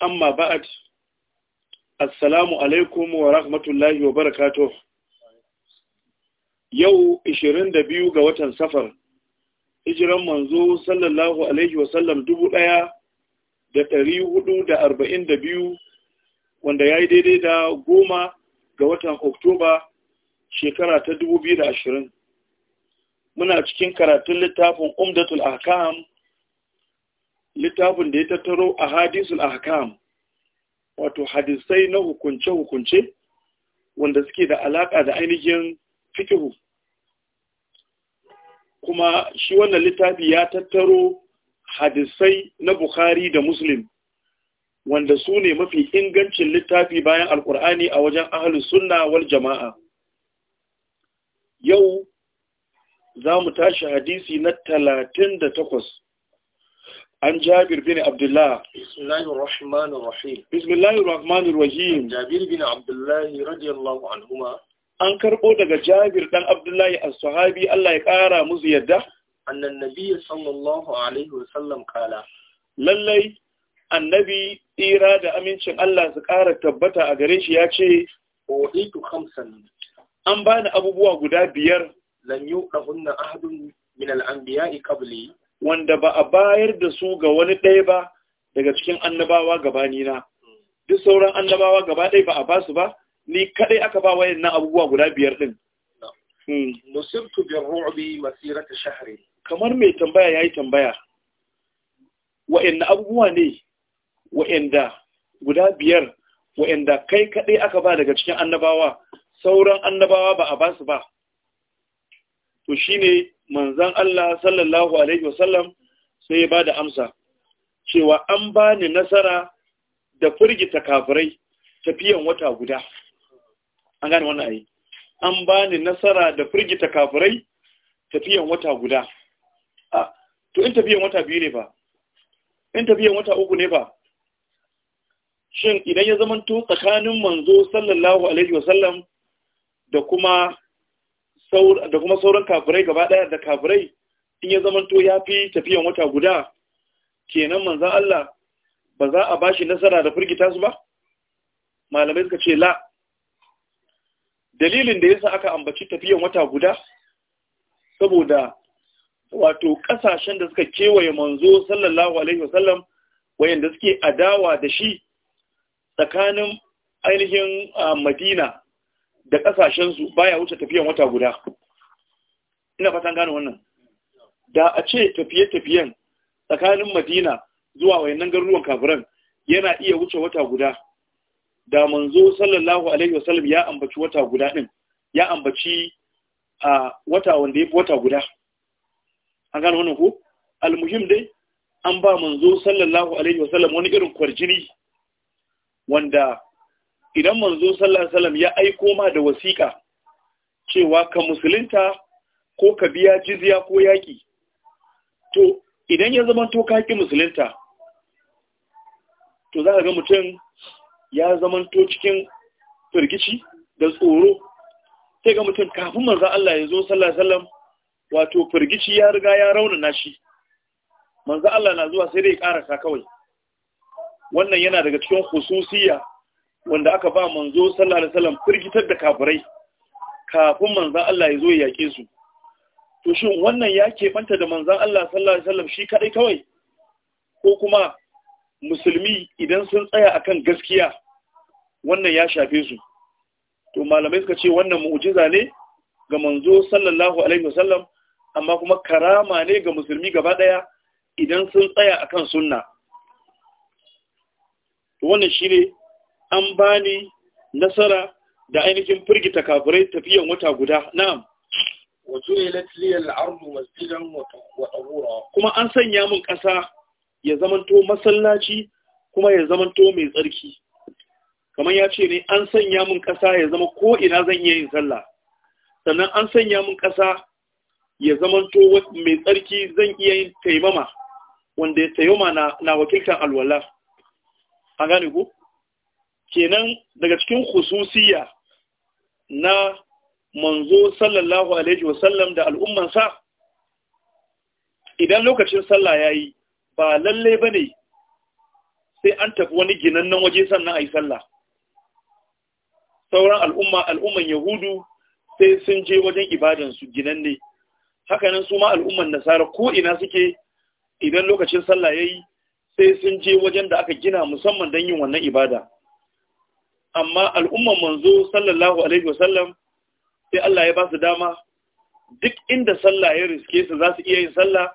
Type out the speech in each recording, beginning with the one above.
amma ba'ad assalamu alaikum wa rahmatullahi wa barakatuh yau 22 ga watan safar hijiran manzo sallallahu alaihi sallam dubu ɗaya da ɗari da arba'in wanda ya yi daidai da goma ga watan oktoba shekara ta dubu biyu muna cikin karatun littafin umdatul ahkam littafin da ya tattaro a hadisul ahkam wato hadisai na hukunce-hukunce wanda suke da alaƙa da ainihin fikihu kuma shi wannan littafi ya tattaro hadisai na Bukhari da Muslim wanda su ne mafi ingancin littafi bayan alkur'ani a wajen ahalus sunna wal jama'a yau za mu tashi hadisi na talatin da takwas عن جابر بن عبد الله بسم الله الرحمن الرحيم بسم الله الرحمن الرحيم جابر بن عبد الله رضي الله عنهما an karbo daga Jabir dan Abdullahi as-Sahabi Allah ya kara musu yadda annan nabi sallallahu alaihi wasallam kala lallai annabi tsira da amincin Allah su kara tabbata a gare shi ya ce uitu khamsan an bani abubuwa guda biyar lan yuqahunna ahadun min al-anbiya'i qabli wanda ba a bayar da su ga wani ɗaya ba daga cikin annabawa na. duk sauran annabawa gaba ɗaya ba a ba su ba ni kaɗai aka ba wayan na abubuwa guda biyar ɗin hmm. nusirtu bin ru'bi masirata shahri kamar mai tambaya yayi tambaya wa'anna abubuwa ne wa'anda guda biyar wa'anda kai kaɗai aka ba daga cikin annabawa sauran annabawa ba a ba su ba to shine manzan Allah sallallahu alaihi wasallam sai ya ba da amsa cewa an bani nasara da firgita kafirai tafiyan wata guda an gane wannan ayi an bani nasara da firgita kafirai tafiyan wata guda a to in tafiyan wata biyu ne ba in tafiyan wata uku ne ba shin idan ya zamanto tsakanin manzo sallallahu alaihi wasallam da kuma da kuma sauran kafirai gaba ɗaya da kafirai in ya zamanto ya fi tafiyan wata guda kenan manzan Allah ba za a ba shi nasara da firgita su ba? malamai suka ce la dalilin da yasa aka ambaci tafiyan wata guda saboda wato ƙasashen da suka kewaye manzo sallallahu alaihi wasallam wayanda suke adawa da shi tsakanin ainihin ah, Madina da ƙasashensu baya wuce tafiyan wata guda ina fatan gane wannan da a ce tafiye-tafiyen tsakanin madina zuwa wayannan garuruwan kafiran yana iya wuce wata guda da manzo sallallahu alaihi wasallam ya ambaci wata guda din ya ambaci a wata wanda ya fi wata guda an gane wannan ko almuhim dai an ba manzo sallallahu alaihi wasallam wani irin kwarjini wanda idan manzo sallallahu alaihi ya aiko ma da wasiƙa cewa ka musulunta ko ka biya jizya ko yaƙi to idan ya zama to ka ki musulunta to za ka ga mutum ya zama to cikin firgici da tsoro sai ga mutum kafin manzo Allah ya zo sallallahu alaihi wasallam wato firgici ya riga ya raunana shi manzo Allah na zuwa sai dai ya karasa kawai wannan yana daga cikin hususiya wanda aka ba manzo sallallahu alaihi wasallam firgitar da kafirai kafin manzon Allah ya zo ya yake su to shin wannan ya keɓanta da manzon Allah sallallahu alaihi wasallam shi kadai kawai ko kuma musulmi idan sun tsaya akan gaskiya wannan ya shafe su to malamai suka ce wannan mu'jiza ne ga manzo sallallahu alaihi wasallam amma kuma karama ne ga musulmi gaba daya idan sun tsaya akan sunna to wannan shine an bani nasara da ainihin firgita kafirai tafiyan wata guda na'am wajulat liyal ardu masjidan wa tahura kuma an sanya min kasa ya zamanto masallaci kuma ya zamanto mai tsarki kamar ya ce ne an sanya min kasa ya zama ko ina zan iya yin sallah sannan an sanya min kasa ya zamanto mai tsarki zan iya yin taimama wanda ya tayoma na, na wakiltar alwala an gane ku kenan daga cikin khususiya na manzo sallallahu alaihi wasallam da al'ummansa idan lokacin sallah yayi ba lalle bane sai an tafi wani ginannan waje sannan ayi sallah sauran al'umma al'umman yahudu sai sun je wajen ibadan su ginanne hakanan su ma al'umman nasara ko ina suke idan lokacin sallah yayi sai sun je wajen da aka gina musamman don yin wannan ibada amma al'umman manzo sallallahu alaihi wasallam sai Allah ya ba su dama duk inda sallah ya riske su za su iya yin sallah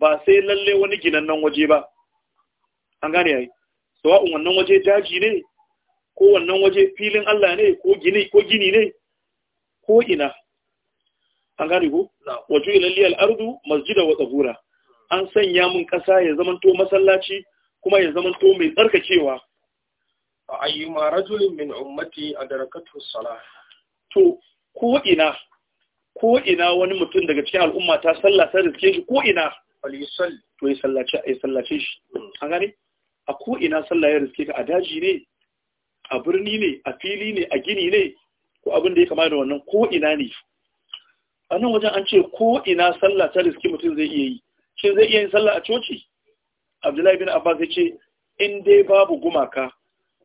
ba sai lalle wani nan waje ba an gane yayi sawa'un wannan waje daji ne ko wannan waje filin Allah ne ko gini ko gini ne ko ina an gane ko waju ilalli al-ardu masjida wa tahura an sanya mun kasa ya zamanto masallaci kuma ya zamanto mai tsarkakewa fa ayyuma rajulin min ummati adrakathu salah to ko ina ko ina wani mutum daga cikin al'umma ta sallah sai riske shi ko ina wal yusalli to ya sallace ya sallace shi an gane a ko ina sallah ya riske ka a daji ne a birni ne a fili ne a gini ne ko abin da ya kamata da wannan ko ina ne a nan wajen an ce ko ina sallah ta riske mutum zai iya yi shin zai iya yin sallah a coci abdullahi bin abbas ya ce in dai babu gumaka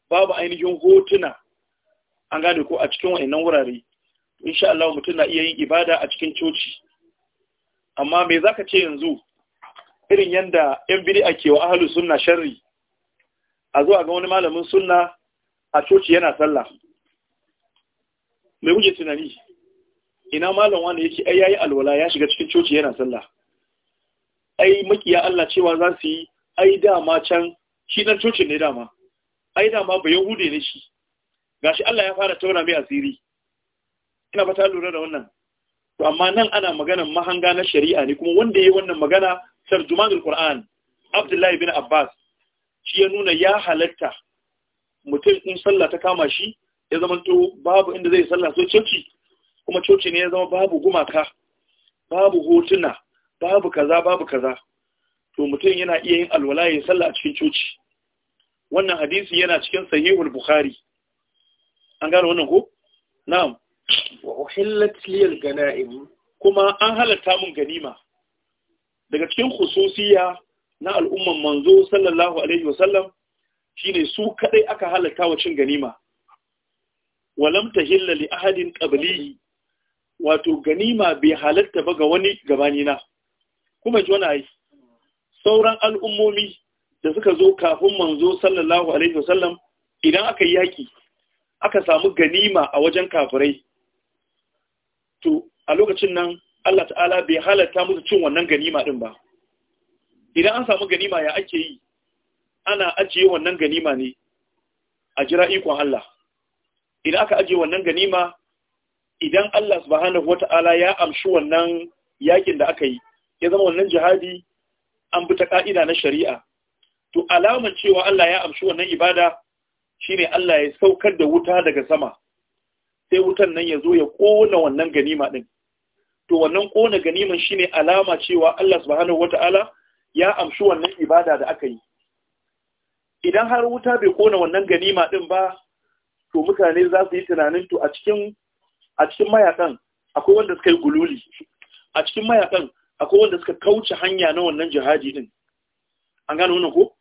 babu ainihin hotuna an gane ko a cikin wa'annan wurare insha Allah mutum na iya yin ibada a cikin coci amma me zaka ce yanzu irin yanda yan biri ake wa ahlus sunna sharri a zo a ga wani malamin sunna a coci yana sallah me kuke tunani ina malam wani yake ai yayi alwala ya shiga cikin coci yana sallah ai makiya Allah cewa za su yi ai dama can shi dan coci ne dama ai dama ba hude ne shi gashi Allah ya fara tauna mai asiri ina fata lura da wannan to amma nan ana maganan mahanga na shari'a ne kuma wanda yayi wannan magana tarjumanul Qur'an Abdullahi bin Abbas shi ya nuna ya halatta mutum in sallah ta kama shi ya zama to babu inda zai sallah so coci kuma coci ne ya zama babu gumaka babu hotuna babu kaza babu kaza to mutum yana iya yin alwala ya sallah a cikin coci wannan hadisi yana cikin sahihul bukhari an gano wannan ko na'am wa uhillat liyal ganaim kuma an halatta mun ganima daga cikin khususiya na al'umman manzo sallallahu alaihi wasallam shine su kadai aka halatta wa cin ganima walam tahilla li ahadin qablihi wato ganima bai halatta ba ga wani gabanina kuma ji wani ai sauran al'ummomi da suka zo kafin manzo sallallahu alaihi wasallam idan aka yi yaƙi aka samu ganima a wajen kafirai to a lokacin nan Allah ta'ala bai halatta musu cin wannan ganima din ba idan an samu ganima ya ake yi ana ajiye wannan ganima ne a jira ikon Allah idan aka ajiye wannan ganima idan Allah subhanahu wata'ala ya amshi wannan yakin da aka yi ya zama wannan jihadi an bi ta ka'ida na shari'a to alaman cewa Allah ya amshi wannan ibada shine Allah ya saukar da wuta daga sama sai wutan nan ya zo ya kona wannan ganima din to wannan kona ganiman shine alama cewa Allah subhanahu wataala ya amshi wannan ibada da aka yi idan har wuta bai kona wannan ganima din ba to mutane za su yi tunanin to a cikin a cikin mayakan akwai wanda suka yi gululi a cikin mayakan akwai wanda suka kauce hanya na wannan jihadi din an gano wannan ko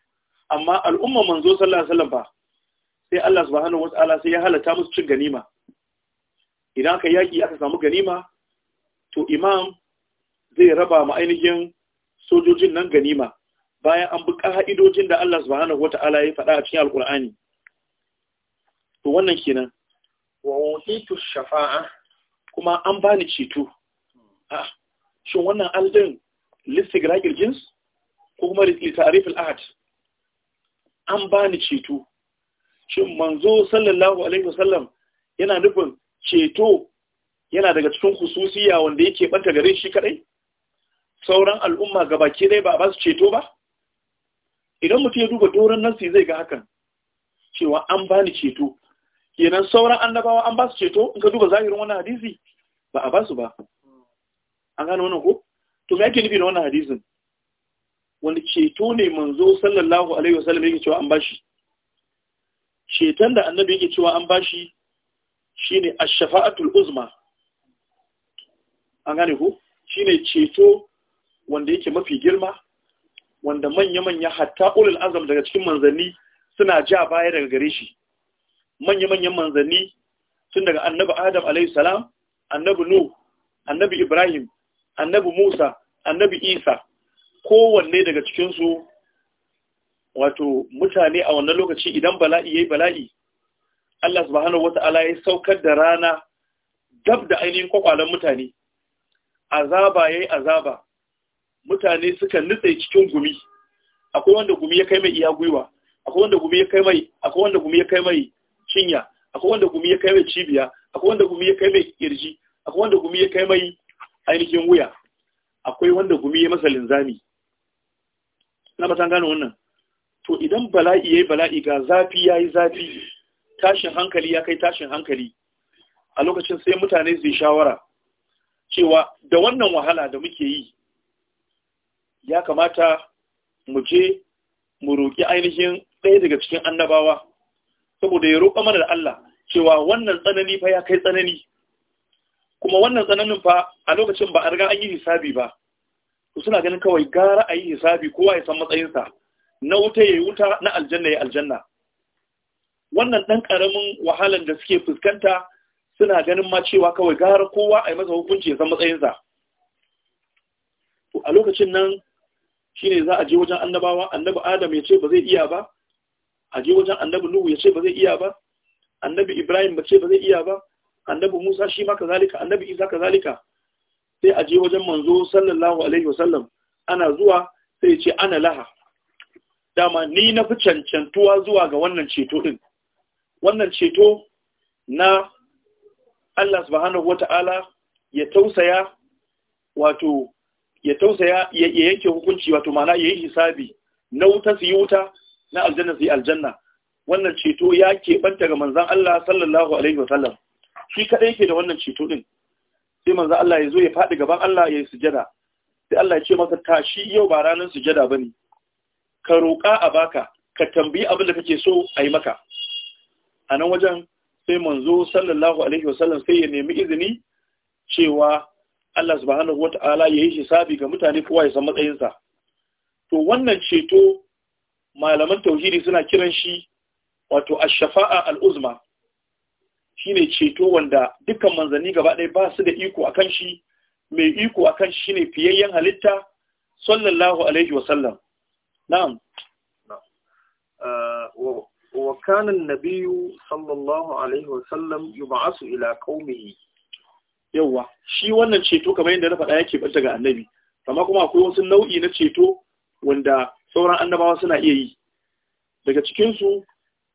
amma al'umma manzo sallallahu alaihi wasallam ba, sai Allah subhanahu wataala sai ya halatta musu cin ganima idan aka yaki aka samu ganima to imam zai raba ma ainihin sojojin nan ganima bayan an bi ka'idojin da Allah subhanahu wataala ya faɗa a cikin alkur'ani to wannan kenan wa utitu shafa'a kuma an bani ceto a shin wannan aldin listigragil jins ko kuma litarif al-ahad an bani ceto shin manzo sallallahu alaihi wasallam yana nufin ceto yana daga cikin hususiya wanda yake banta gare shi kadai sauran al'umma gabaki dai ba a ba su ceto ba idan mutum ya duba doron nan zai ga hakan cewa an bani ceto kenan sauran annabawa an ba su ceto in ka duba zahirin wannan hadisi ba a ba su ba an gano wannan ko to me ake nufi da wannan hadisin wani ceto ne manzo sallallahu alaihi wasallam yake cewa an bashi ceton da annabi yake cewa an bashi shine ash-shafa'atul uzma an gane ko shine ceto wanda yake mafi girma wanda manya-manya hatta ulul azam daga cikin manzanni suna ja baya daga gare shi manya-manyan manzanni tun daga annabi adam alaihi salam annabi nuh annabi ibrahim annabi musa annabi isa kowanne daga cikinsu wato mutane a wannan lokaci idan bala'i ya yi bala'i Allah subhanahu ta'ala ya saukar da rana dab da ainihin kwakwalen mutane azaba ya yi azaba mutane suka nutse cikin gumi akwai wanda gumi ya kai mai iya gwiwa akwai wanda gumi ya kai mai akwai wanda gumi ya kai mai cinya akwai wanda gumi ya kai mai cibiya akwai wanda gumi ya kai mai kirji akwai wanda gumi ya kai mai ainihin wuya akwai wanda gumi ya masa linzami na matan gane wannan to idan bala'i yayi bala'i ga zafi yayi zafi tashin hankali ya kai tashin hankali a lokacin sai mutane su shawara cewa da wannan wahala da muke yi ya kamata mu je mu roƙi ainihin ɗaya daga cikin annabawa saboda ya roƙa mana da Allah cewa wannan tsanani fa ya kai tsanani kuma wannan tsananin fa a lokacin ba a riga an yi hisabi ba suna ganin kawai gara a yi hisabi kowa ya san matsayinsa na wuta ya yi wuta na aljanna ya aljanna wannan ɗan ƙaramin wahalan da suke fuskanta suna ganin ma cewa kawai gara kowa a yi masa hukunci ya san matsayinsa a lokacin nan shine za a je wajen annabawa annabi adam ya ce ba zai iya ba a je wajen annabi nuhu ya ce ba zai iya ba annabi ibrahim ba ce ba zai iya ba annabi musa shi ma kazalika annabi isa kazalika sai a je wajen manzo sallallahu alaihi wasallam ana zuwa sai ce ana laha dama ni na fi cancantuwa zuwa ga wannan ceto din wannan ceto na Allah subhanahu wata'ala ya tausaya wato ya tausaya ya yanke hukunci wato mana ya yi hisabi na wuta su yi wuta na aljanna su yi aljanna wannan ceto ya keɓanta ga manzan Allah sallallahu alaihi wasallam shi kaɗai yake da wannan ceto din. sai manzo Allah ya zo ya fadi gaban Allah ya yi sujada sai Allah ya ce masa shi yau ba ranar sujada bane ka roƙa a baka ka tambayi abin da kake so a yi maka a nan wajen sai manzo sallallahu alaihi wasallam sai ya nemi izini cewa Allah subhanahu wata'ala ya yi hisabi ga mutane kowa ya san matsayinsa to wannan ceto malaman tauhidi suna kiran shi wato ash-shafa'a al-uzma shine ceto wanda dukkan manzanni gaba ɗaya ba su da iko a kan shi mai iko a kan shi ne fiyayyen halitta sallallahu alaihi wasallam na'am uh, wa kana nabiyu sallallahu alaihi wasallam yub'asu ila qaumihi yawa shi wannan ceto kamar yadda na faɗa yake bata ga annabi amma kuma akwai wasu nau'i na ceto wanda sauran annabawa suna iya yi daga cikinsu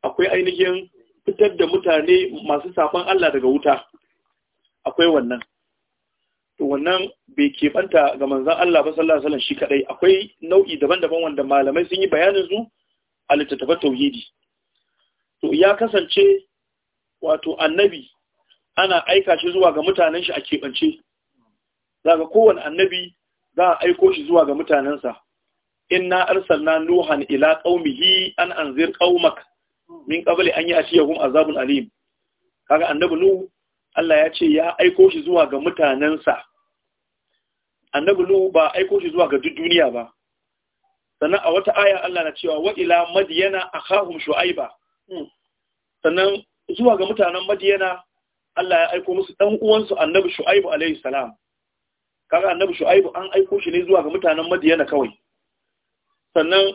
akwai ainihin fitar da mutane masu safan Allah daga wuta akwai wannan wannan bai keɓanta ga manzan Allah ba sallallahu alaihi shi kadai akwai nau'i daban-daban wanda malamai sun yi bayanin su a littattafan tauhidi to ya kasance wato annabi ana aika shi zuwa ga mutanen shi a keɓance ka kowane annabi za a aiko shi zuwa ga mutanensa In inna arsalna nuhan ila qaumihi an anzir ƙaumak. min kabali an yi a a azabun alim kaga annabi nuhu Allah ya ce ya aiko shi zuwa ga mutanensa annabi nuhu ba aiko shi zuwa ga duk duniya ba sannan a wata aya Allah na cewa wa ila madyana akhahum shu'aiba hmm. sannan zuwa ga mutanen madyana Allah ya aiko musu dan uwansu annabi shu'aibu alayhi salam kaga annabi shu'aibu an aiko shi ne zuwa ga mutanen madyana kawai sannan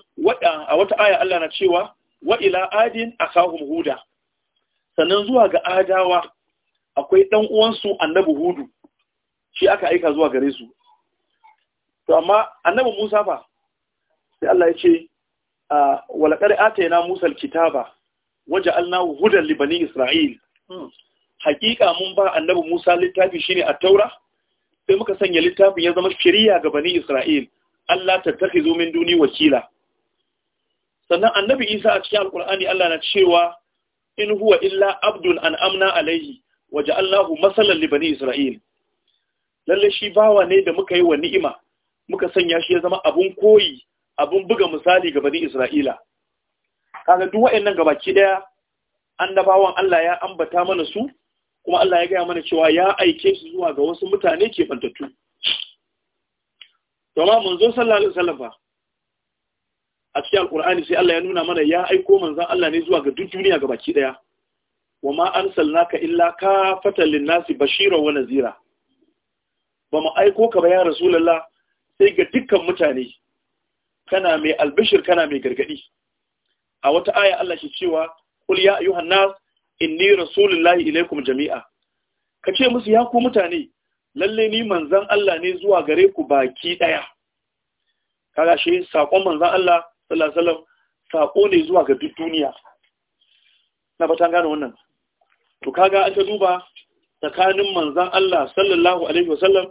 a wata aya Allah na cewa wa ila adin akahum huda sannan zuwa ga adawa akwai dan uwansu annabi hudu shi aka aika zuwa gare su to amma annabi Musa fa sai Allah ya ce laqad atayna Musa alkitaba waja'alna hudan li bani Isra'il hmm. hakika mun ba annabi Musa littafi shine at-Taura sai muka sanya littafin ya zama shari'a ga bani Isra'il Allah ta takhizu min duni wakila sannan annabi isa a cikin alkur'ani Allah na cewa in huwa illa abdun an amna alaihi wa allahu masalan li bani isra'il lalle shi bawa ne da muka yi wa ni'ima muka sanya shi ya zama abun koyi abun buga misali ga bani isra'ila kaga duk waɗannan gabaki daya annabawan Allah ya ambata mana su kuma Allah ya gaya mana cewa ya aike su zuwa ga wasu mutane ke fantattu. Tama manzo sallallahu alaihi wasallam a cikin alkur'ani sai Allah ya nuna mana ya aiko manzon Allah ne zuwa ga duk duniya ga baki daya wa ma arsalnaka illa kafatan linnasi bashira wa nazira ba mu aiko ka ba ya rasulullah sai ga dukkan mutane kana mai albishir kana mai gargadi a wata aya Allah shi cewa qul ya ayyuhan nas inni rasulullahi ilaikum jami'a kace musu ya ku mutane lalle ni manzan Allah ne zuwa gare ku baki daya kaga shi sakon manzon Allah sallallahu sako ne zuwa ga duk duniya na fatan gane wannan to kaga an ta duba tsakanin manzan Allah sallallahu alaihi wasallam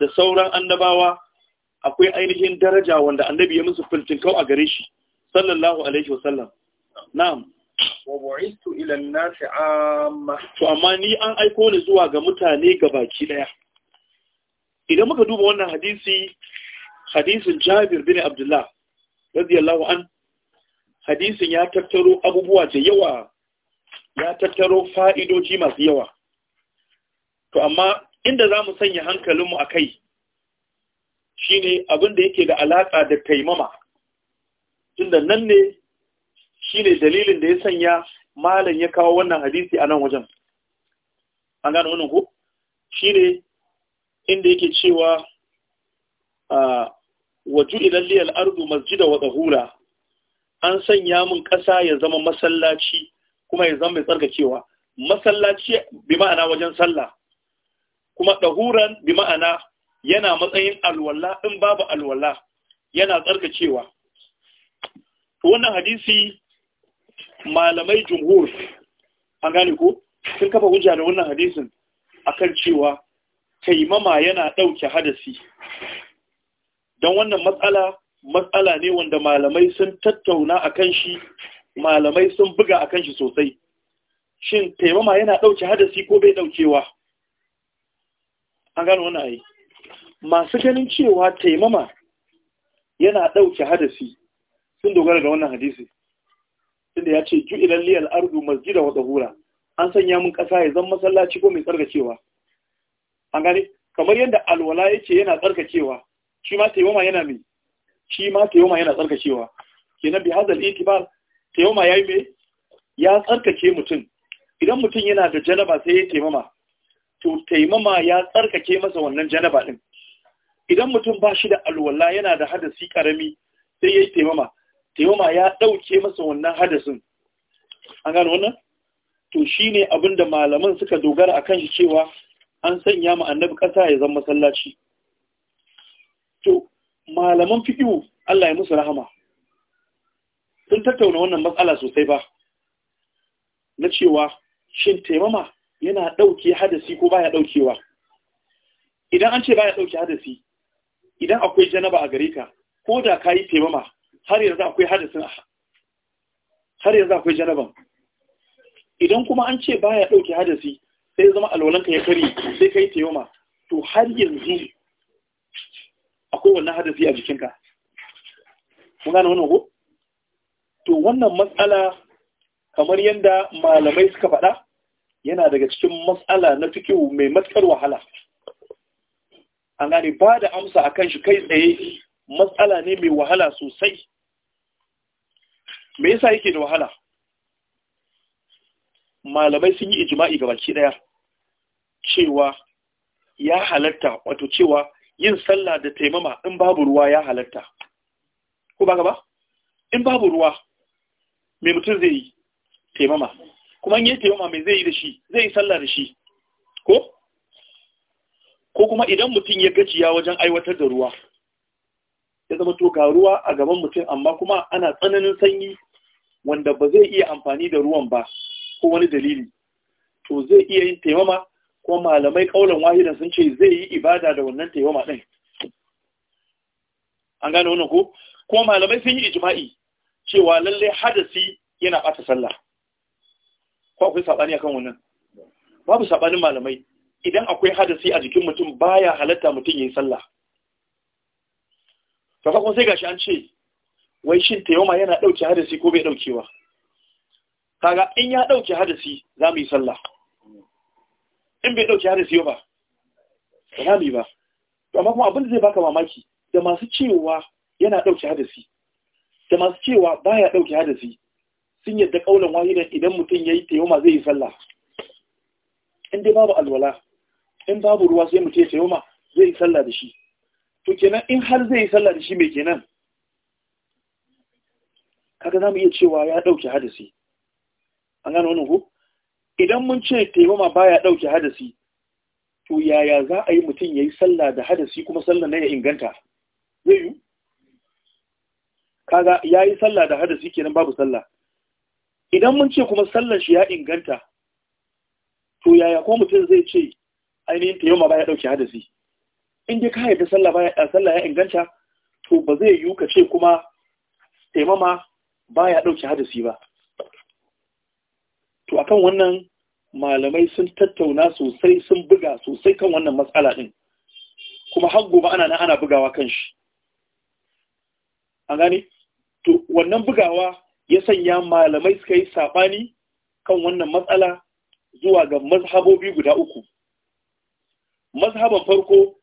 da sauran annabawa akwai ainihin daraja wanda annabi ya musu kau a gare shi sallallahu alaihi wasallam na'am wa bu'istu ila an-nasi amma to amma ni an aiko ni zuwa ga mutane gabaki daya idan muka duba wannan hadisi hadisin Jabir bin Abdullah radiyallahu an hadisin ya tattaro abubuwa da yawa ya tattaro fa'idoji masu yawa to amma inda za mu sanya hankalinmu a kai shi ne abinda yake da alaƙa da taimama tunda nan ne shi ne dalilin da ya sanya malam ya kawo wannan hadisi a nan wajen an gano wannan ku, shi ne inda yake cewa ah, waju ilalli al'ardu masjida wa tsahura an sanya min ƙasa ya zama masallaci kuma ya zama mai tsarkakewa masallaci bi ma'ana wajen sallah kuma ɗahuran bi ma'ana yana matsayin alwala in babu alwala yana tsarkakewa wannan hadisi malamai jumhur an gane ko sun kafa hujja da wannan hadisin akan cewa taimama yana ɗauke hadasi don wannan matsala matsala ne wanda malamai sun tattauna a kan shi malamai sun buga a kan shi sosai shin taimama yana ɗauke hadasi ko bai ɗaukewa an gano wani ayi masu ganin cewa taimama yana ɗauke hadasi sun dogara ga wannan hadisi inda ya ce ju'ilan liyal ardu masjida wata hura. an sanya mun ƙasa ya zan masallaci ko mai tsarkacewa an gane kamar yadda alwala yake yana tsarkacewa shi ma taimama yana mai shi ma taimama yana tsarkakewa ba? bi hazal itibar taimama yi mai ya tsarkake mutum idan mutum yana da janaba sai ya taimama to taimama ya tsarkake masa wannan janaba din idan mutum ba shi da alwala yana da hadasi karami sai ya yi taimama taimama ya ɗauke masa wannan hadasin an gano wannan to shi ne abinda malaman suka dogara a kan shi cewa an sanya ma annabi ƙasa ya zama masallaci to malaman fiƙiwu Allah ya musu rahama sun tattauna wannan matsala sosai ba na cewa shin taimama yana ɗauke hadasi ko baya ɗaukewa idan an ce baya ɗauke hadasi idan akwai janaba a gare ka ko da ka yi taimama har yanzu akwai hadasin har yanzu akwai janaban idan kuma an ce baya ɗauke hadasi sai zama alwalanka ya karye, sai ka yi taimama to har yanzu akwai wannan hadafi a jikinka mun gane wannan ko to wannan matsala kamar yadda malamai suka faɗa yana daga cikin matsala na fikihu mai matsar wahala an gane ba da amsa akan shi kai tsaye matsala ne mai wahala sosai me yasa yake da wahala malamai sun yi ijima'i ga ɗaya. cewa ya halatta wato cewa yin sallah da taimama in babu ruwa ya halatta ko ba gaba in babu ruwa mai mutum zai yi taimama kuma in yi taimama mai zai yi da shi zai yi sallah da shi ko ko kuma idan mutum ya ya wajen aiwatar da ruwa ya zama to ga ruwa a gaban mutum amma kuma ana tsananin sanyi wanda ba zai iya amfani da ruwan ba ko wani dalili to zai iya yin taimama ko malamai kaulan wahidan sun ce zai yi ibada da wannan taimama din an gane wannan ko ko malamai sun yi ijma'i cewa lalle hadasi yana bata sallah ko akwai sabani akan wannan babu saɓanin malamai idan akwai hadasi a jikin mutum baya halatta mutum yayin sallah to fa kun sai gashi an ce wai shin taimama yana dauke hadasi ko bai daukewa kaga in ya dauke hadasi za mu yi sallah in bai ɗauki harin siyo ba ba za yi ba amma kuma abin da zai baka mamaki da masu cewa yana ɗauki hadasi da masu cewa baya ɗauki hadasi sun yadda ƙaunar wahidan idan mutum ya yi tayoma zai yi sallah in dai babu alwala in babu ruwa sai mutum ya tayoma zai yi sallah da shi to kenan in har zai yi sallah da shi mai kenan kaga za mu iya cewa ya ɗauki hadasi an gano wani ko idan mun ce taimama baya dauke hadasi to yaya za a yi mutum ya yi sallah da hadasi kuma sallah na ya inganta zai yi kaga ya yi sallah da hadasi kenan babu sallah idan mun ce kuma sallar shi ya inganta to yaya ko mutum zai ce ainihin taimama baya dauke hadasi in dai ka yadda sallah baya sallah ya inganta to ba zai yiwu ka ce kuma taimama baya dauke hadasi ba to akan wannan malamai sun tattauna sosai sun buga sosai kan wannan matsala ɗin kuma har gobe ana nan ana bugawa kan shi an gane to wannan bugawa ya sanya malamai suka yi saɓani kan wannan matsala zuwa ga mazhabobi guda uku mazhaban farko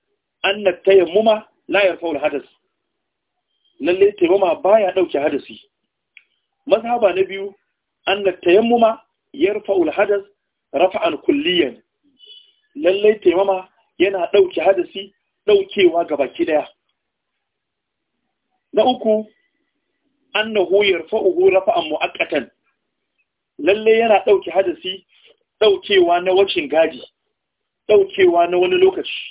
an na tayammuma layar faul hadas lalle taimama baya ɗauke hadasi mazhaba na biyu an na tayammuma faul hadas rafa'an kulliyan lallai taimama yana ɗauke hadasi ɗaukewa ga baki ɗaya na uku annahu yarfa'uhu rafa'an mu'aqqatan lallai yana ɗauke hadasi ɗaukewa na wacin gadi ɗaukewa na wani lokaci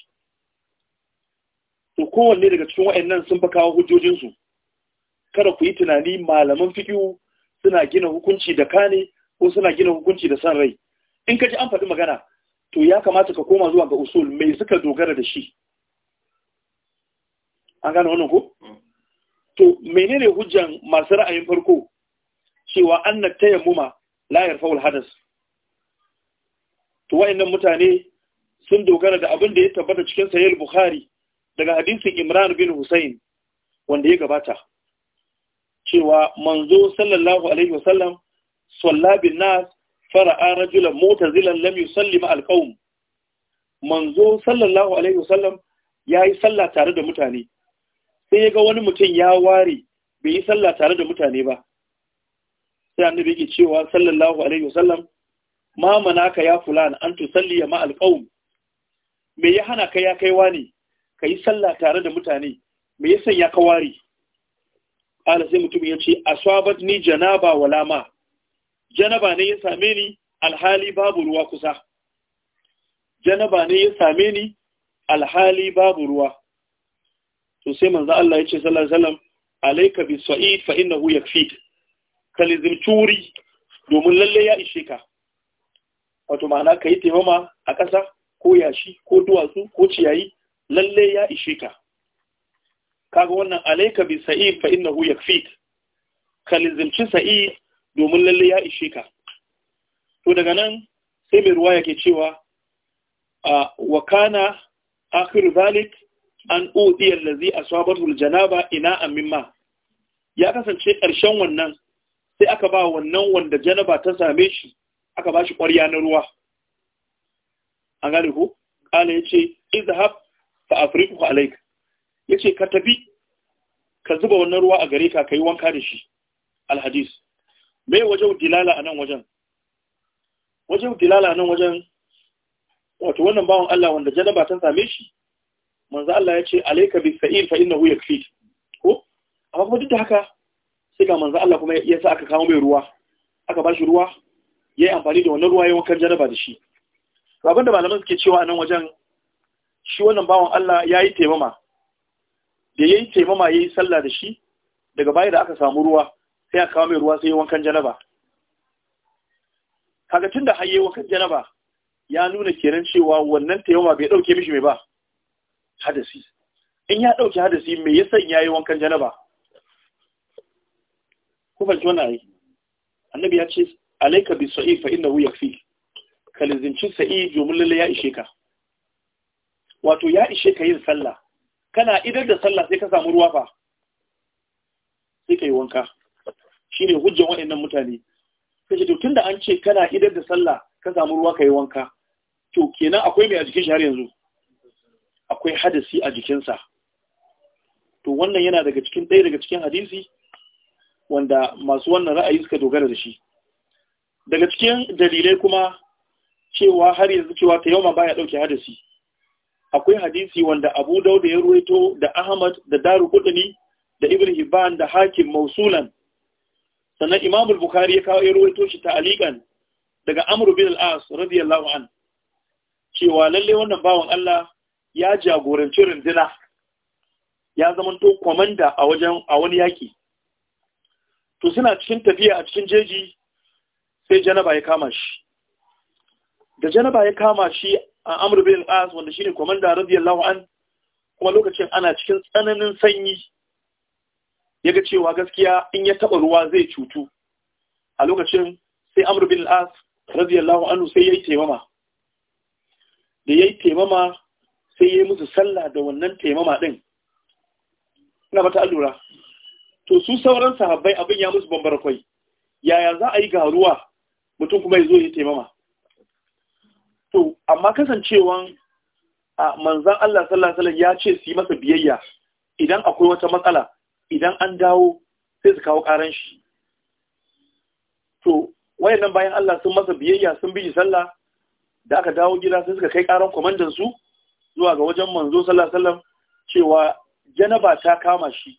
to kowanne daga cikin nan sun baka hujjojinsu kada ku yi tunani malaman fiƙihu suna gina hukunci da kane ko suna gina hukunci da san rai in ka ji an faɗi magana to ya kamata ka koma zuwa ga usul mai suka dogara da shi an gane wannan ko to menene hujjan masu ra'ayin farko cewa anna tayammuma muma layar faul hadas to wayannan mutane sun dogara da abin da ya tabbata cikin sahih bukhari daga hadisin imran bin husayn wanda ya gabata cewa manzo sallallahu alaihi wasallam salla nas fara'a rajulan zilan lam yusalli ma alqaum manzo sallallahu alaihi wasallam yayi sallah tare da mutane sai ya ga wani mutum ya ware bai yi salla tare da mutane ba sai annabi yake cewa sallallahu alaihi wasallam ma manaka ya fulan an tusalli ma alqaum me ya hana ka ya kaiwa ne kai salla tare da mutane me ya ka ware ala sai mutum ya ce Aswabat ni janaba wala ma janaba ne ya same ni alhali babu ruwa kusa janaba ne ya same ni alhali babu ruwa to sai manzo Allah ya ce sallallahu alaihi wasallam alayka bi fa innahu yakfik kalizim turi domin lalle ya ishe ka wato ma'ana kai taimama a ƙasa ko yashi ko duwatsu ko ciyayi lalle ya ishe ka kaga wannan alayka bi sa'id fa innahu yakfik kalizimci sa'id domin lalle ya ishe ka to daga nan sai mai ruwa yake cewa a wakana akhir zalik an uɗi allazi asabatul janaba ina amimma ya kasance ƙarshen wannan sai aka ba wannan wanda janaba ta same shi aka ba shi ƙwarya na ruwa an gane ku, ƙala ya ce izhab fa afriku alaik ya ce ka tafi ka zuba wannan ruwa a gare ka ka yi wanka da shi alhadis me wajen dilala a nan wajen wajen dilala a nan wajen wato wannan bawan Allah wanda janaba ta same shi manzo Allah ya ce alayka bi sa'il fa innahu yakfik ko amma kuma duk da haka sai ga manzo Allah kuma ya sa aka kawo mai ruwa aka bashi ruwa yayi amfani da wannan ruwa yayin kan janaba da shi to abinda malaman suke cewa a nan wajen shi wannan bawan Allah yayi taimama da yayi taimama yayi sallah da shi daga baya da aka samu ruwa sai aka kawo mai ruwa sai wankan janaba kaga tunda har yayi wankan janaba ya nuna kenan cewa wannan yawa bai dauke mishi mai ba hadasi in ya dauke hadasi me ya san yayi wankan janaba ku fahimci wannan ai annabi ya ce alayka bi sa'i fa innahu yakfi kalizinci sa'i domin ya ishe ka wato ya ishe ka yin sallah kana idar da sallah sai ka samu ruwa fa sai ka yi wanka Shi ne hujjan waɗannan mutane kace to da an ce kana idar da sallah ka samu ruwa ka yi wanka to kenan akwai mai a jikin shi har yanzu akwai hadasi a jikinsa to wannan yana daga cikin ɗaya daga cikin hadisi wanda masu wannan ra'ayi suka dogara da shi daga cikin dalilai kuma cewa har yanzu cewa ta yau ma baya ɗauke hadasi akwai hadisi wanda abu dauda ya ruwaito da ahmad da daru kudani da ibn hibban da hakim mausulan sannan Imam bukhari ya kawo ya rawaito shi ta'aliqan daga Amr bin al radiyallahu an cewa lalle wannan bawan Allah ya jagoranci runduna ya zamanto kwamanda a wajen a wani yaƙi. to suna cikin tafiya a cikin jeji sai janaba ya kama shi da janaba ya kama shi a Amr bin al wanda wanda ne kwamanda radiyallahu an kuma lokacin ana cikin tsananin sanyi ya ga cewa gaskiya in ya taɓa ruwa zai cutu a lokacin sai amr bin al'as radiyallahu anhu sai ya yi taimama da ya yi taimama sai ya yi musu sallah da wannan taimama ɗin na bata allura to su sauran sahabbai abin ya musu bambara kwai yaya za a yi ga ruwa mutum kuma ya zo ya taimama to amma kasancewan a manzan Allah sallallahu alaihi ya ce su yi masa biyayya idan akwai wata matsala idan an dawo sai su kawo karan shi to wayannan bayan Allah sun masa biyayya sun bi sallah da aka dawo gida sai suka kai ƙaran komandan su zuwa ga wajen manzo sallallahu alaihi wasallam cewa janaba ta kama shi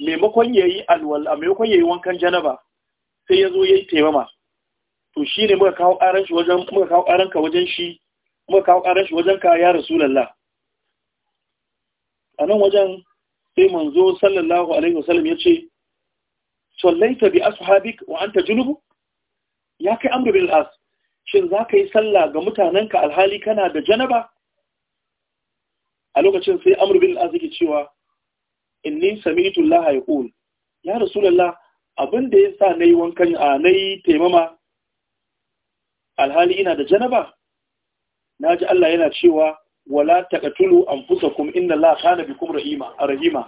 maimakon yayi a maimakon yayi wankan janaba sai ya zo yayi taimama to shine muka kawo karan shi wajen muka kawo karan ka wajen shi muka kawo karan shi wajen ka ya rasulullah a nan wajen sai manzo sallallahu alaihi wasallam ya ce sallaita bi ashabik wa anta junubu ya kai amru bil as shin za ka yi sallah ga mutanenka alhali kana da janaba a lokacin sai amru bil as yake cewa inni sami'tu Allah yaqul ya rasulullah abin da yasa nayi wankan a nayi taimama alhali ina da janaba naji Allah yana cewa wala taqtulu anfusakum inna allaha kana bikum rahima rahima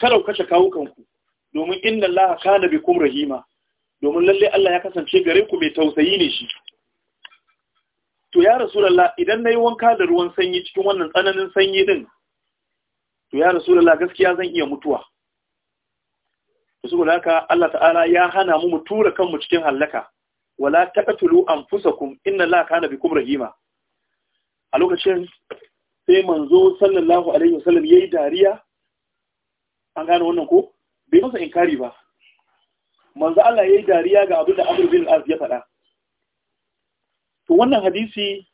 kada ku kawo kanku domin inna allaha kana bikum rahima domin lalle Allah ya kasance gare ku mai tausayi ne shi to ya rasulullah idan nayi wanka da ruwan sanyi cikin wannan tsananin sanyi din to ya rasulullah gaskiya zan iya mutuwa saboda haka Allah ta'ala ya hana mu mu tura kanmu cikin halaka wala taqtulu anfusakum inna allaha kana bikum rahima a lokacin sai manzo sallallahu alaihi wasallam yayi dariya an gane wannan ko bai masa inkari ba manzo Allah yayi dariya ga abin da Amr bin al-Az ya faɗa to wannan hadisi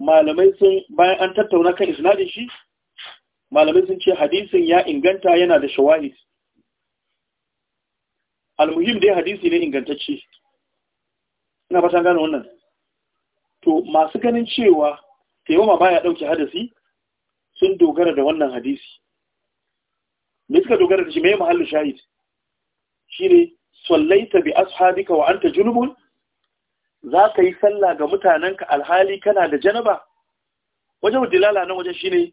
malamai sun bayan an tattauna kan isnadin shi malamai sun ce hadisin ya inganta yana da shawahid almuhim dai hadisi ne ingantacce ina fatan gane wannan to masu ganin cewa Temama baya dauke hadasi sun dogara da wannan hadisi me suka dogara da shi me mahallu shahid Shi shine sallaita bi ashabika wa anta junubun za ka yi sallah ga mutanenka alhali kana da janaba wajen dilala nan wajen shine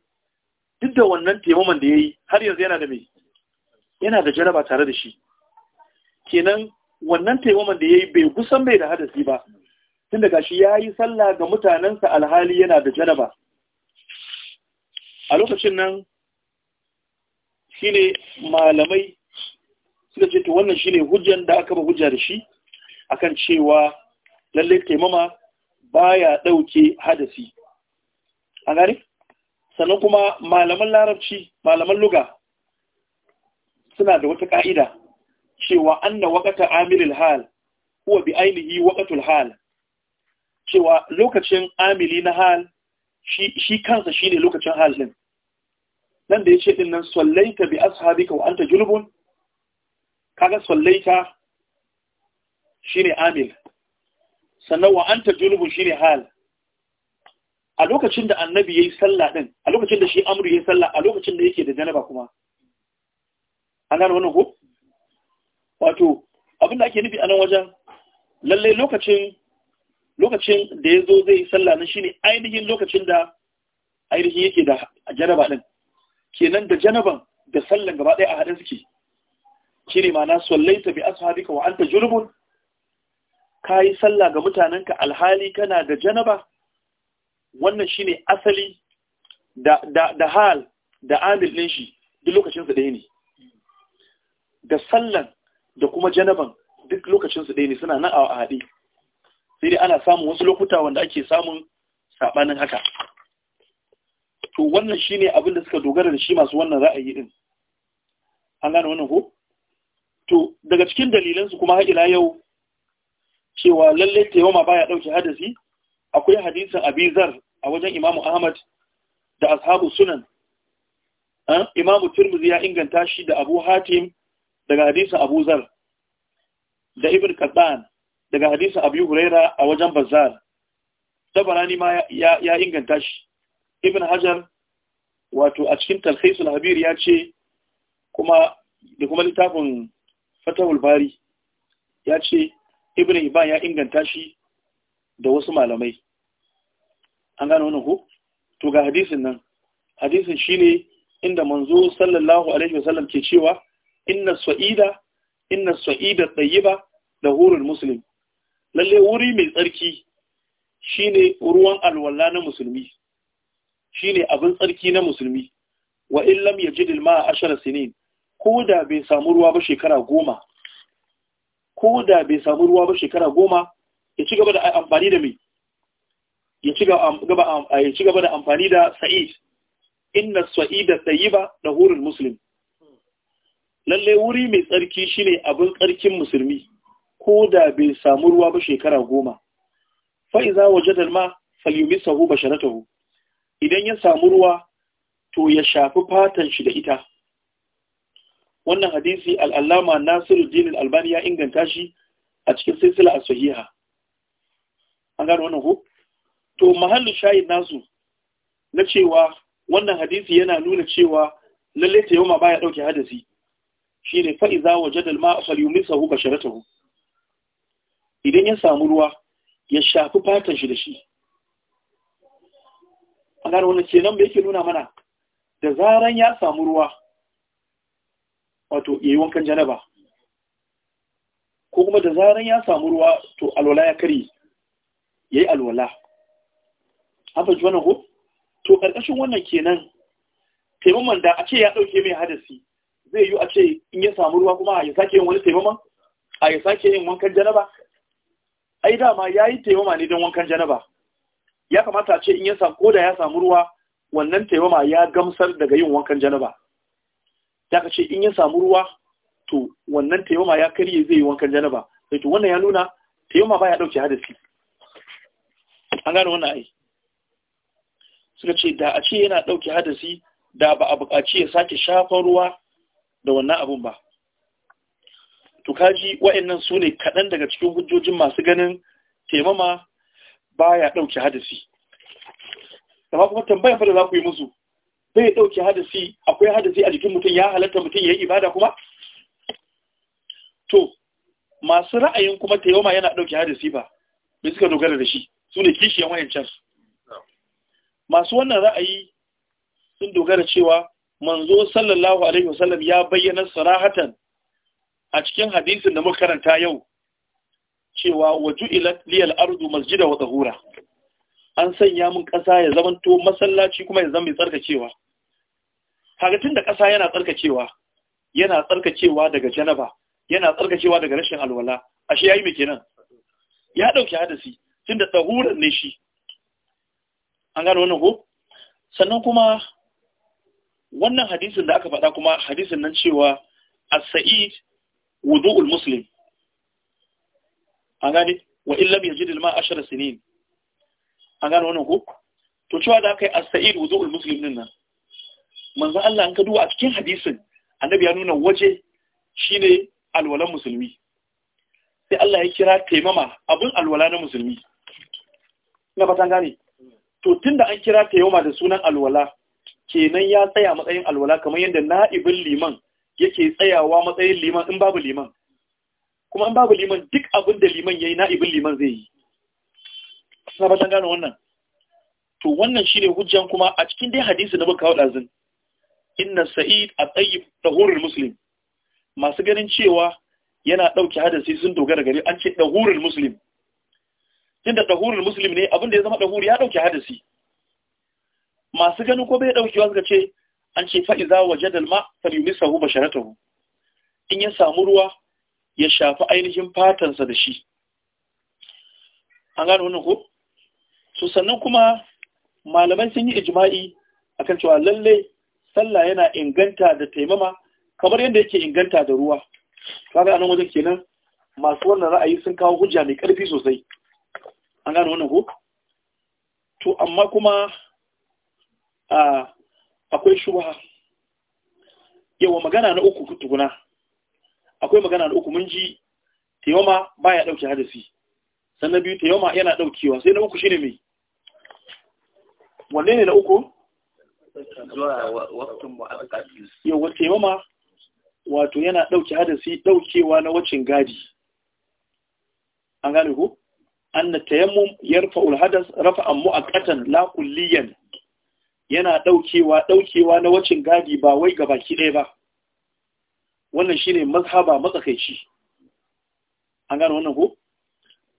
duk da wannan taimaman da ya yi har yanzu yana da mai yana da janaba tare da shi kenan wannan temaman da ya yi bai kusan bai da hadasi ba tun da gashi ya yi sallah ga mutanensa alhali yana da jaraba. a lokacin nan shine malamai suka ce to wannan shine hujjan da aka ba hujja da shi kan cewa lalle taimama baya ɗauke hadasi a gari sannan kuma malaman larabci malaman luga suna da wata ka'ida cewa anna waqata amilil hal huwa bi ainihi waqatul hal cewa lokacin amili na hal shi kansa shi ne lokacin hal din nan da ya ce ɗin nan sallaita bi ashabika wa anta julubun kaga sallaita shine amil sannan wa anta shi shine hal a lokacin da annabi ya yi sallah din a lokacin da shi ya yi sallah a lokacin da yake da janaba kuma an gane wannan ku? wato abin da ake nufi a nan wajen lallai lokacin lokacin da ya zo zai yi sallah na shine ainihin lokacin da ainihin yake da janaba din kenan da janaban da sallan gaba ɗaya a haɗe suke shine ma'ana sallaita bi ashabika wa anta junubun kayi sallah ga mutanen ka alhali kana da janaba wannan shine asali da da da hal da amil din shi duk lokacin su ɗaya ne da sallan da kuma janaban duk lokacin su ɗaya ne suna nan a haɗe sai dai ana samun wasu lokuta wanda ake samun saɓanin haka to wannan shi ne abinda suka dogara da shi masu wannan ra'ayi din an gane wannan ko to daga cikin dalilan kuma har ila yau cewa lalle taimama baya ɗauke hadasi akwai hadisin Abizar a wajen Imam Ahmad da ashabu sunan ah, Imam Tirmidhi ya inganta shi da Abu Hatim daga hadisin Abu Zar da Ibn kaddan daga hadisin abu huraira a wajen bazar ni ma ya inganta shi ibn hajar wato a cikin talhaisun habir ya ce kuma da kuma littafin fatahul bari ya ce ibn iban ya inganta shi da wasu malamai an gano wannan ku? to ga hadisin nan hadisin ne inda manzo sallallahu alaihi wasallam ke cewa inna sa'ida inna sa'ida tayyiba da hurul muslim lalle wuri mai tsarki shine ruwan alwala na musulmi shine abin tsarki na musulmi wa in lam yajid al-ma'a ashara sinin ko da bai samu ruwa ba shekara goma ko da bai samu ruwa ba shekara goma ya ci gaba da amfani da mai ya ci gaba da amfani da sa'id inna sa'ida tayyiba da hurin muslim lalle wuri mai tsarki shine abin tsarkin musulmi ko da bai samu ruwa ba shekara goma fa'iza wajadal ma ba sharatahu idan ya samu ruwa to ya shafi fatan shi da ita wannan hadisi al'allama dinin albani ya inganta shi a cikin silsila a sahiha an gano wannan ku? to mahallin shayin nasu na cewa wannan hadisi yana nuna cewa lallai ta yau ma baya dauke hadasi shine fa iza wajada al ma'a ba sharatahu idan ya samu ruwa ya shafi fatan shi da shi a gane wani ce nan ba yake nuna mana da zaran ya samu ruwa wato ya yi wankan janaba ko kuma da zaran ya samu ruwa to alwala ya kari ya yi alwala Haka ji wannan ko to ƙarƙashin wannan kenan taimaman da a ce ya ɗauke mai hadasi zai yi a ce in ya samu ruwa kuma ya sake yin wani taimaman a ya sake yin wankan janaba ai dama ya yi taimama ne don wankan janaba ya kamata a ce in yasa ko da ya samu ruwa wannan taimama ya gamsar daga yin wankan janaba ta ka ce in ya samu ruwa to wannan taimama ya karye zai yi wankan janaba sai eh, to wannan ya nuna taimama baya dauke hadisi an gane wannan ai suka ce da a ce yana dauke hadisi da ba a buƙaci ya sake shafa ruwa da wannan abun ba to kaji wa'annan su ne kaɗan daga cikin hujjojin masu ganin taimama ba ya ɗauki hadasi ba kuma tambayar fa da za ku yi musu bai ɗauki hadasi akwai hadasi a jikin mutum ya halatta mutum ya yi ibada kuma to masu ra'ayin kuma taimama yana ɗauki hadasi ba bai suka dogara da shi su ne kishiyan can. masu wannan ra'ayi sun dogara cewa manzo sallallahu alaihi wasallam ya bayyana sarahatan a cikin hadisin da muka karanta yau cewa waju liyal ardu masjida wa tahura an sanya min ƙasa ya zamanto masallaci kuma ya zama mai tsarkacewa kaga tunda ƙasa yana tsarkacewa yana tsarkacewa daga janaba yana tsarkacewa daga rashin alwala ashe yayi me kenan ya dauki hadisi tunda tahuran ne shi an gano wannan ko sannan kuma wannan hadisin da aka faɗa kuma hadisin nan cewa as-sa'id wudu'ul muslim an gane wa illam yajid al ma'a ashara sinin an gane wannan ku. to cewa da aka yi as-sa'id wudu'ul muslim din nan manzo Allah an ka duba a cikin hadisin annabi ya nuna waje shine alwalan musulmi sai Allah ya kira taimama abin alwala na musulmi na fatan gane to tunda an kira taimama da sunan alwala kenan ya tsaya matsayin alwala kamar yadda na'ibin liman yake tsayawa matsayin liman in babu liman kuma in babu liman duk abin da liman yi na'ibin liman zai yi suna ba gano wannan to wannan shine hujjan kuma a cikin dai hadisi na bukawo dazin inna sa'id at-tayyib ɗahurin musulun. masu ganin cewa yana ɗauki hadisi sun dogara gari an ce tahurul muslim tunda tahurul musulun ne abin da ya zama tahur ya ɗauki hadasi. masu ganin ko bai wasu ka ce an ce fa'iza waje dalma falimisa hu basharatahu in ya samu ruwa ya shafi ainihin fatansa da shi an gano wannan ko? so sannan kuma malamai sun yi ijima'i akan cewa lalle sallah yana inganta da taimama kamar yadda yake inganta da ruwa kaga anan wajen kenan masu wannan ra'ayi sun kawo hujja mai karfi sosai an gano wannan ko? to amma kuma a akwai shubha yawa magana na uku tukuna akwai magana na uku mun ji tayoma baya dauke hadisi sannan biyu tayoma yana daukewa sai na uku shine me wanne ne na uku yawa tayoma wato yana dauke hadisi daukewa na wacin gadi an gane ku anna tayammum yarfa'u rafa amma rafa'an mu'aqqatan la kulliyan yana ɗaukewa ɗaukewa na wacin gadi ba wai ga baki ɗaya ba wannan shine mazhaba matsakaici an gano wannan ko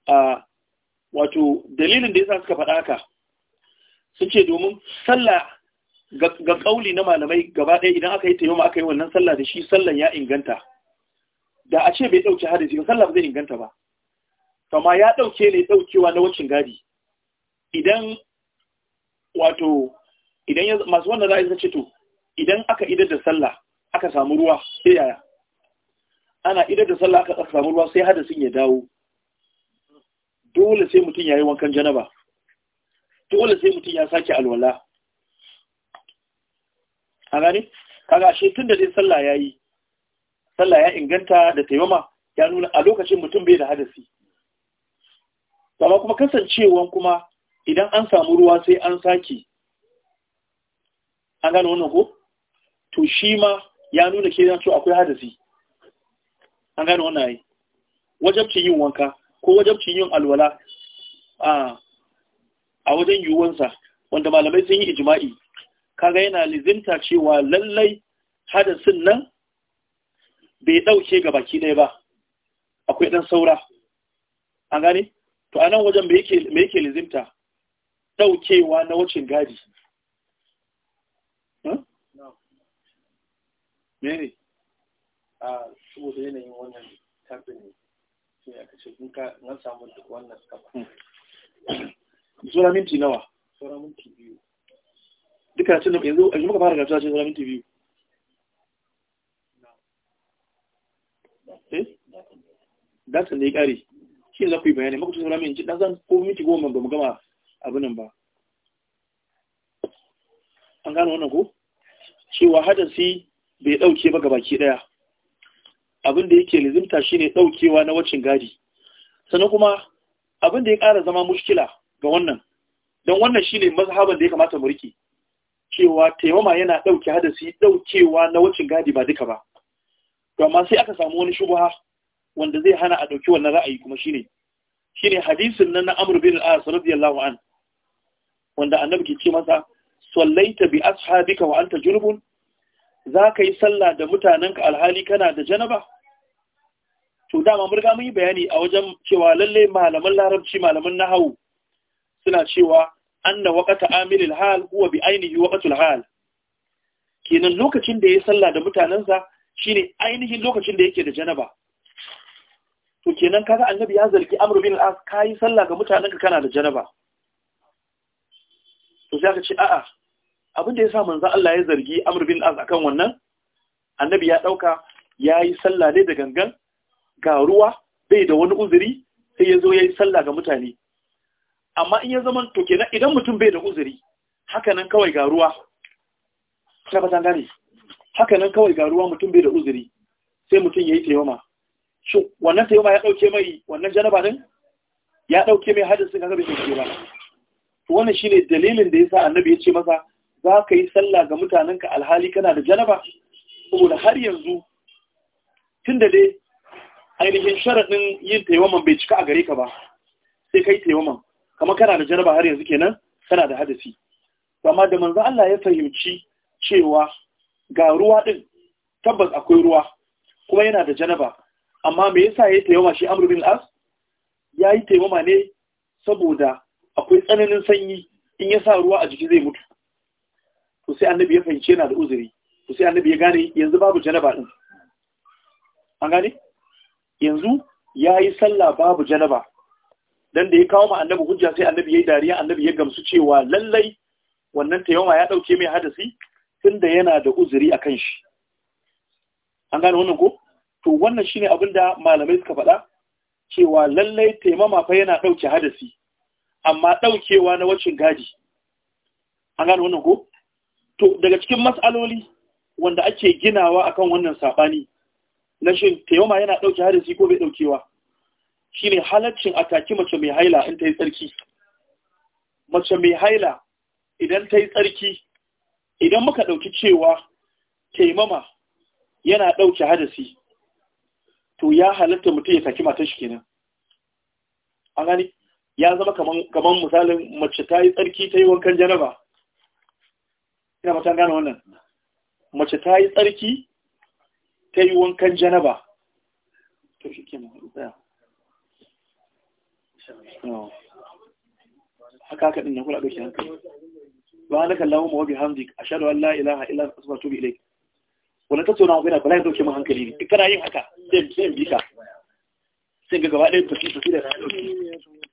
a wato dalilin da yasa suka faɗa haka sun ce domin sallah ga kauli na malamai gaba ɗaya idan aka yi taimama aka yi wannan sallah da shi sallan ya inganta da a ce bai ɗauke hadisi ba sallah ba zai inganta ba kama ya ɗauke ne ɗaukewa na wacin gadi idan wato idan masu wannan ra'ayi suka ce to idan aka idar da sallah aka samu ruwa sai yaya ana idar da sallah aka samu ruwa sai hadasin ya dawo dole sai mutum ya yi wankan janaba dole sai mutum ya sake alwala a gani kaga shi tun da dai sallah ya yi sallah ya inganta da taimama ya nuna a lokacin mutum bai da hadasi amma kuma kasancewan kuma idan an samu ruwa sai an sake an gane wannan ko to shi ma ya nuna ke zan akwai hadasi an gane wannan yi wajabcin yin wanka ko wajabcin yin alwala a wajen yiwuwansa wanda malamai sun yi ijima'i kaga yana lizinta cewa lallai hadasin nan bai dauke ga baki ɗaya ba akwai dan saura an gane to a nan wajen me yake lizinta ɗaukewa na wucin gadi ne a saboda yanayin wannan tafin ne shi ne aka ce kun ka na samu duk wannan kafa sura minti nawa sura minti biyu duka cin da yanzu a muka fara gafsa ce sura minti biyu eh? datan da ya kare shi za ku bayani makwacin sura minti dan zan ko minti goma ba mu gama abin nan ba an gano wannan ko cewa hadasi bai ɗauke ba gabaki ɗaya abin da yake lizimta shine ɗaukewa na wacin gadi sannan kuma abin da ya kara zama mushkila ga wannan don wannan shine mazhaban da ya kamata mu rike cewa taimama yana ɗauke hadasi ɗaukewa na wacin gadi ba duka ba to amma sai aka samu wani shubha wanda zai hana a ɗauki wannan ra'ayi kuma shine shine hadisin nan na Amr bin al-As an wanda annabi ke ce masa sallaita bi ashabika wa anta junubun za ka yi sallah da mutanenka alhali kana da janaba to dama mun mun yi bayani a wajen cewa lalle malaman larabci malaman nahawu suna cewa anna waqata amilil hal huwa bi ainihi waqatul hal kenan lokacin da yayi sallah da mutanensa shine ainihin lokacin da yake da janaba to kenan kaga annabi ya zargi amr bin al-as kai sallah ga mutanenka kana da janaba to sai ka ce a'a abin da ya sa manzo Allah ya zargi Amr bin Az akan wannan annabi ya dauka yayi sallah ne da gangan ga ruwa bai da wani uzuri sai yazo yayi sallah ga mutane amma in ya zama to kenan idan mutum bai da uzuri hakanan kawai ga ruwa ta ba gane Hakanan kawai ga ruwa mutum bai da uzuri sai mutum yayi tayoma shin wannan tayoma ya dauke mai wannan janaba din ya dauke mai hadisin kaga bai dauke ba wannan shine dalilin da yasa annabi ya ce masa za ka yi sallah ga mutanenka alhali kana da janaba saboda har yanzu tun da dai ainihin sharaɗin yin taimaman bai cika a gare ka ba sai ka yi taimaman kama kana da janaba har yanzu kenan kana da hadasi amma da manzo Allah ya fahimci cewa ga ruwa ɗin, tabbas akwai ruwa kuma yana da janaba amma me yasa ya taimama shi Amr bin As ya yi taimama ne saboda akwai tsananin sanyi in ya sa ruwa a jiki zai mutu to sai annabi ya fahimce yana da uzuri to sai annabi ya gane yanzu babu janaba din an gane yanzu ya yi sallah babu janaba dan da ya kawo ma annabi hujja sai annabi ya yi dariya annabi ya gamsu cewa lallai wannan tayawa ya dauke mai hadasi tunda yana da uzuri a kan shi an gane wannan ko to wannan shine abin da malamai suka faɗa cewa lallai taimama fa yana ɗauke hadasi amma ɗaukewa na wacin gadi an gane wannan ko to daga cikin matsaloli wanda ake ginawa a kan wannan saɓani na shi taimama yana ɗauke hadisi ko bai ɗaukewa, shine halaccin taki mace mai haila in ta yi tsarki mace mai haila idan ta yi tsarki idan muka ɗauki cewa taimama yana ɗauke hadisi to ya halatta mutum ya taki matar shi kenan an gani ya zama kaman misalin mace ta yi tsarki ta yi wankan janaba ina matan gano wannan mace ta yi tsarki ta yi wankan janaba to shi ke mahaɗu tsaya haka haka ɗin kula ɗauki hankali ba na kallon mawa bi hamdi a shaɗu an la'ila a ila su ba tobi ilai wani ta tsoron tsona wani kula la ɗauke mu hankali ne kana yin haka sai bi ka sai ga gaba ɗaya tafi tafi da ɗauki